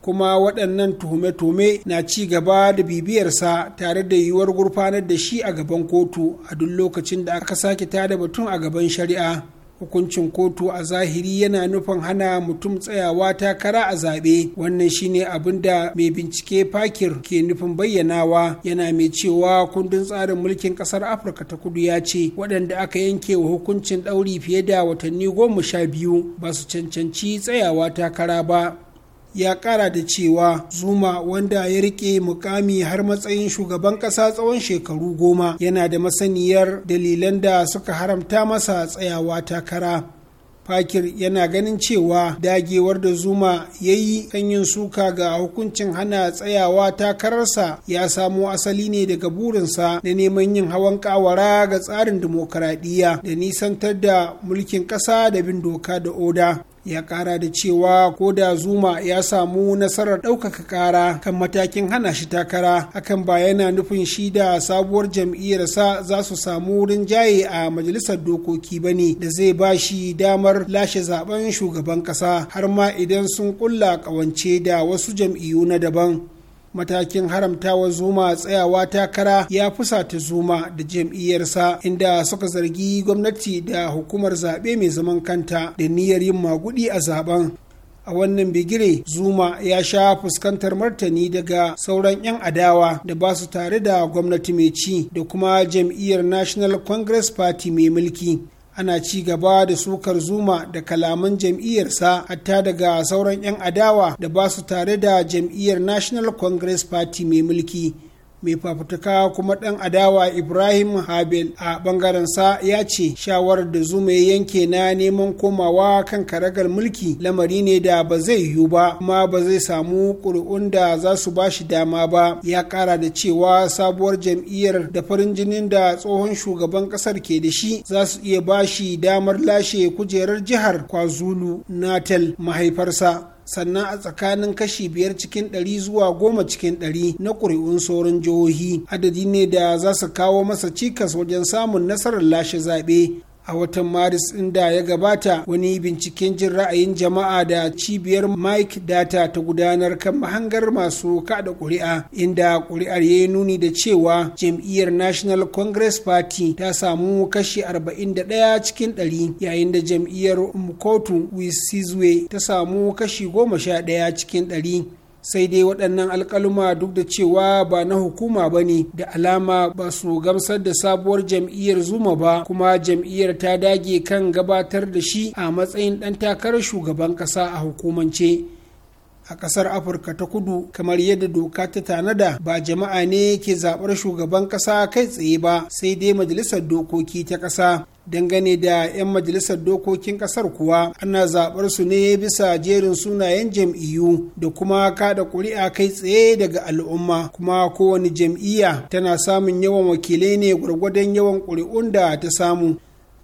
kuma waɗannan tuhume-tuhume na ci gaba da bibiyarsa tare da yiwuwar gurfanar da shi a gaban kotu a duk lokacin da aka sake tada batun a gaban shari'a hukuncin kotu a zahiri yana nufin hana mutum tsayawa takara a zaɓe wannan shine abin da mai bincike fakir ke nufin bayyanawa yana mai cewa kundin tsarin mulkin ƙasar afirka ta kudu ya ce waɗanda aka yanke wa hukuncin ɗauri fiye da watanni goma sha biyu ba su cancanci tsayawa takara ba ya kara da cewa zuma wanda ya rike mukami har matsayin shugaban kasa tsawon shekaru goma yana da masaniyar dalilan da suka haramta masa tsayawa takara fakir yana ganin cewa dagewar da zuma ya yi kan suka ga hukuncin hana tsayawa takararsa ya samo asali ne daga burinsa na neman yin hawan kawara ga tsarin dimokuraɗiyya da nisantar da mulkin ƙasa da bin doka da oda ya kara da cewa ko da zuma ya samu nasarar ɗaukaka kara kan matakin hana shi takara hakan ba yana nufin shi da sabuwar jam'iyyarsa za su samu wurin jaye a majalisar dokoki ba ne da zai ba shi damar lashe zaben shugaban ƙasa har ma idan sun ƙulla ƙawance da wasu jam'iyyu na daban matakin haramtawa zuma tsayawa takara ya fusata zuma da jam'iyyarsa inda suka zargi gwamnati da hukumar zaɓe mai zaman kanta da niyyar yin magudi a zaben a wannan bigire zuma ya sha fuskantar martani daga sauran 'yan adawa da ba su tare da gwamnati mai ci da kuma jam'iyyar national congress party mai mulki ana ci gaba da sukar zuma da kalaman jam'iyyarsa hatta daga sauran 'yan adawa da ba su tare da jam'iyyar national congress party mai mulki mai fafutuka kuma ɗan adawa ibrahim habel a ɓangarensa ya ce shawarar da zuma ya yanke na neman komawa kan karagar mulki lamari ne da ba zai yiwu ba kuma ba zai samu ƙuri'un da za su ba shi dama ba ya ƙara da cewa sabuwar jam'iyyar da farin jinin da tsohon shugaban ƙasar ke da shi za su iya ba shi damar lashe kujerar jihar kwazulu natal mahaifarsa sannan a tsakanin kashi biyar cikin ɗari zuwa goma cikin ɗari na ƙuri'un sauran jihohi adadi ne da za su kawo masa cikas wajen samun nasarar lashe zaɓe a watan maris inda ya gabata wani binciken jin ra'ayin jama'a da cibiyar mike data ta gudanar kan mahangar masu kada ƙuri'a inda ƙuri'ar ya yi nuni da cewa jam'iyyar national congress party ta samu kashi 41 cikin 100 yayin da jam'iyyar mkotu wisizwe ta samu kashi 11 cikin 100 sai dai waɗannan alƙaluma duk da cewa ba na hukuma ba ne da alama ba su gamsar da sabuwar jam'iyyar zuma ba kuma jam'iyyar ta dage kan gabatar da shi a matsayin ɗan takarar shugaban ƙasa a hukumance a ƙasar afirka ta kudu kamar yadda doka ta tanada ba jama'a ne ke zaɓar shugaban ƙasa kai tsaye ba sai dai majalisar dokoki ta ƙasa dangane da 'yan majalisar dokokin kasar kuwa ana zaɓar su ne bisa jerin sunayen jam'iyyu da kuma kada ƙuri'a kai tsaye daga al'umma kuma kowane jam'iyya tana samun yawan wakilai ne gwargwadon yawan ƙuri'un da ta samu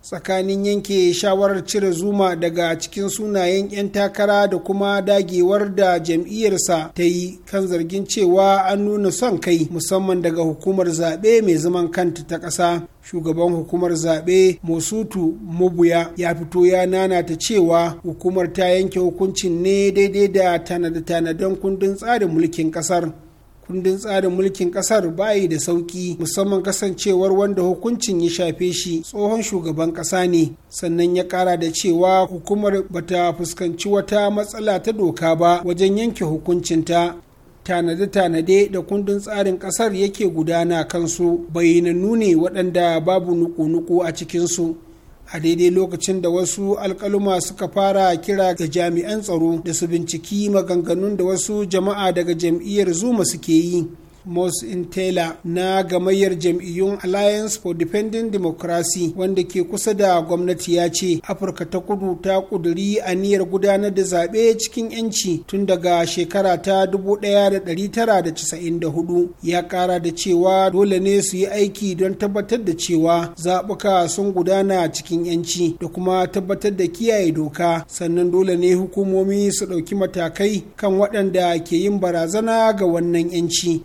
tsakanin yanke shawarar cire zuma daga cikin sunayen 'yan takara da kuma dagewar da jam'iyyarsa ta yi kan zargin cewa an nuna son kai musamman daga hukumar zaɓe mai zaman kanta ta ƙasa shugaban hukumar zaɓe mosutu mubuya ya fito ya nana ta cewa hukumar ta yanke hukuncin ne daidai da tanada tanaden kundin tsarin mulkin ƙasar kundin tsarin mulkin kasar bayi da sauki musamman kasancewar wanda hukuncin ya shafe shi tsohon shugaban kasa ne sannan ya kara da cewa hukumar bata fuskanci wata matsala ta doka ba wajen yanke hukuncinta tanade-tanade da kundin tsarin kasar yake gudana kansu bayyana nune waɗanda babu nuku-nuku a cikinsu a daidai lokacin da wasu alkaluma suka fara kira ga jami'an tsaro da su binciki maganganun da wasu jama'a daga jam'iyyar zuma suke yi Mos Intela na gamayyar jam'iyyun Alliance for Defending Democracy wanda ke kusa da gwamnati ya ce Afirka ta kudu ta kuduri aniyar gudanar da zaɓe cikin 'yanci tun daga shekara ta 1994 ya ƙara da cewa dole ne su yi aiki don tabbatar da cewa zaɓuka sun gudana cikin 'yanci da kuma tabbatar da kiyaye doka sannan dole ne hukumomi su ɗauki matakai kan waɗanda ke yin barazana ga wannan 'yanci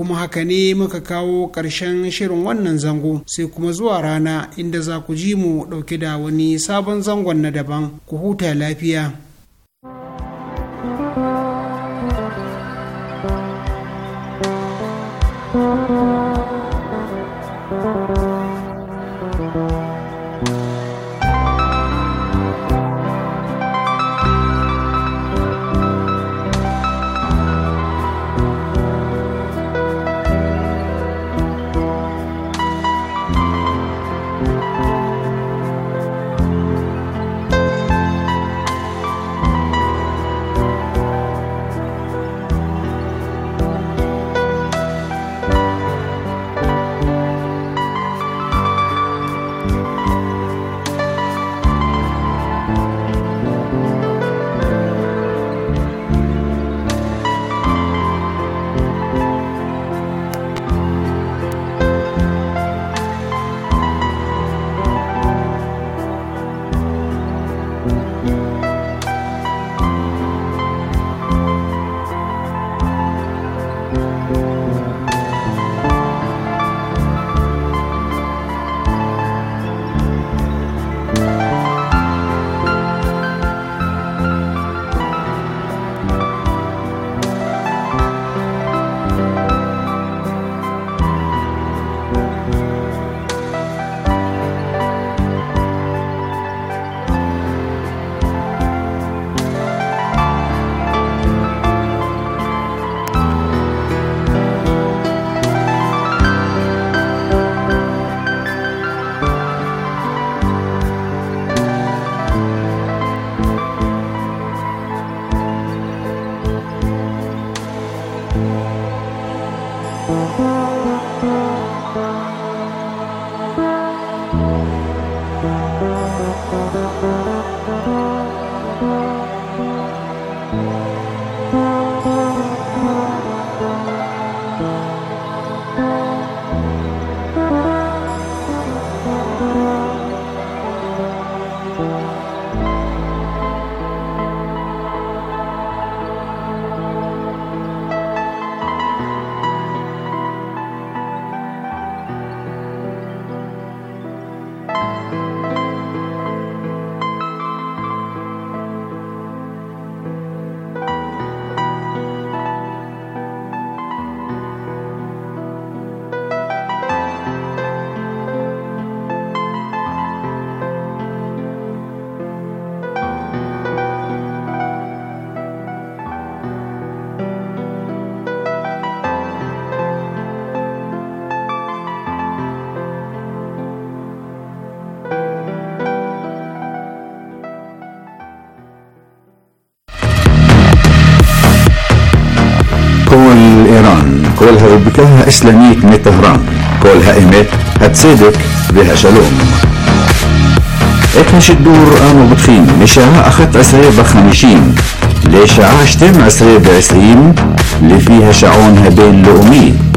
kuma haka ne muka kawo ƙarshen shirin wannan zango sai kuma zuwa rana inda za ku ji mu ɗauke da wani sabon zangon na daban ku huta lafiya. كلها إسلاميت من طهران كلها إيمت هتسيدك بها شلوم اتنش الدور قاموا بتخين مشاعة أخت عسرية بخمشين لشاعة شتم عسرية بعسرين اللي فيها شعون بين لقومين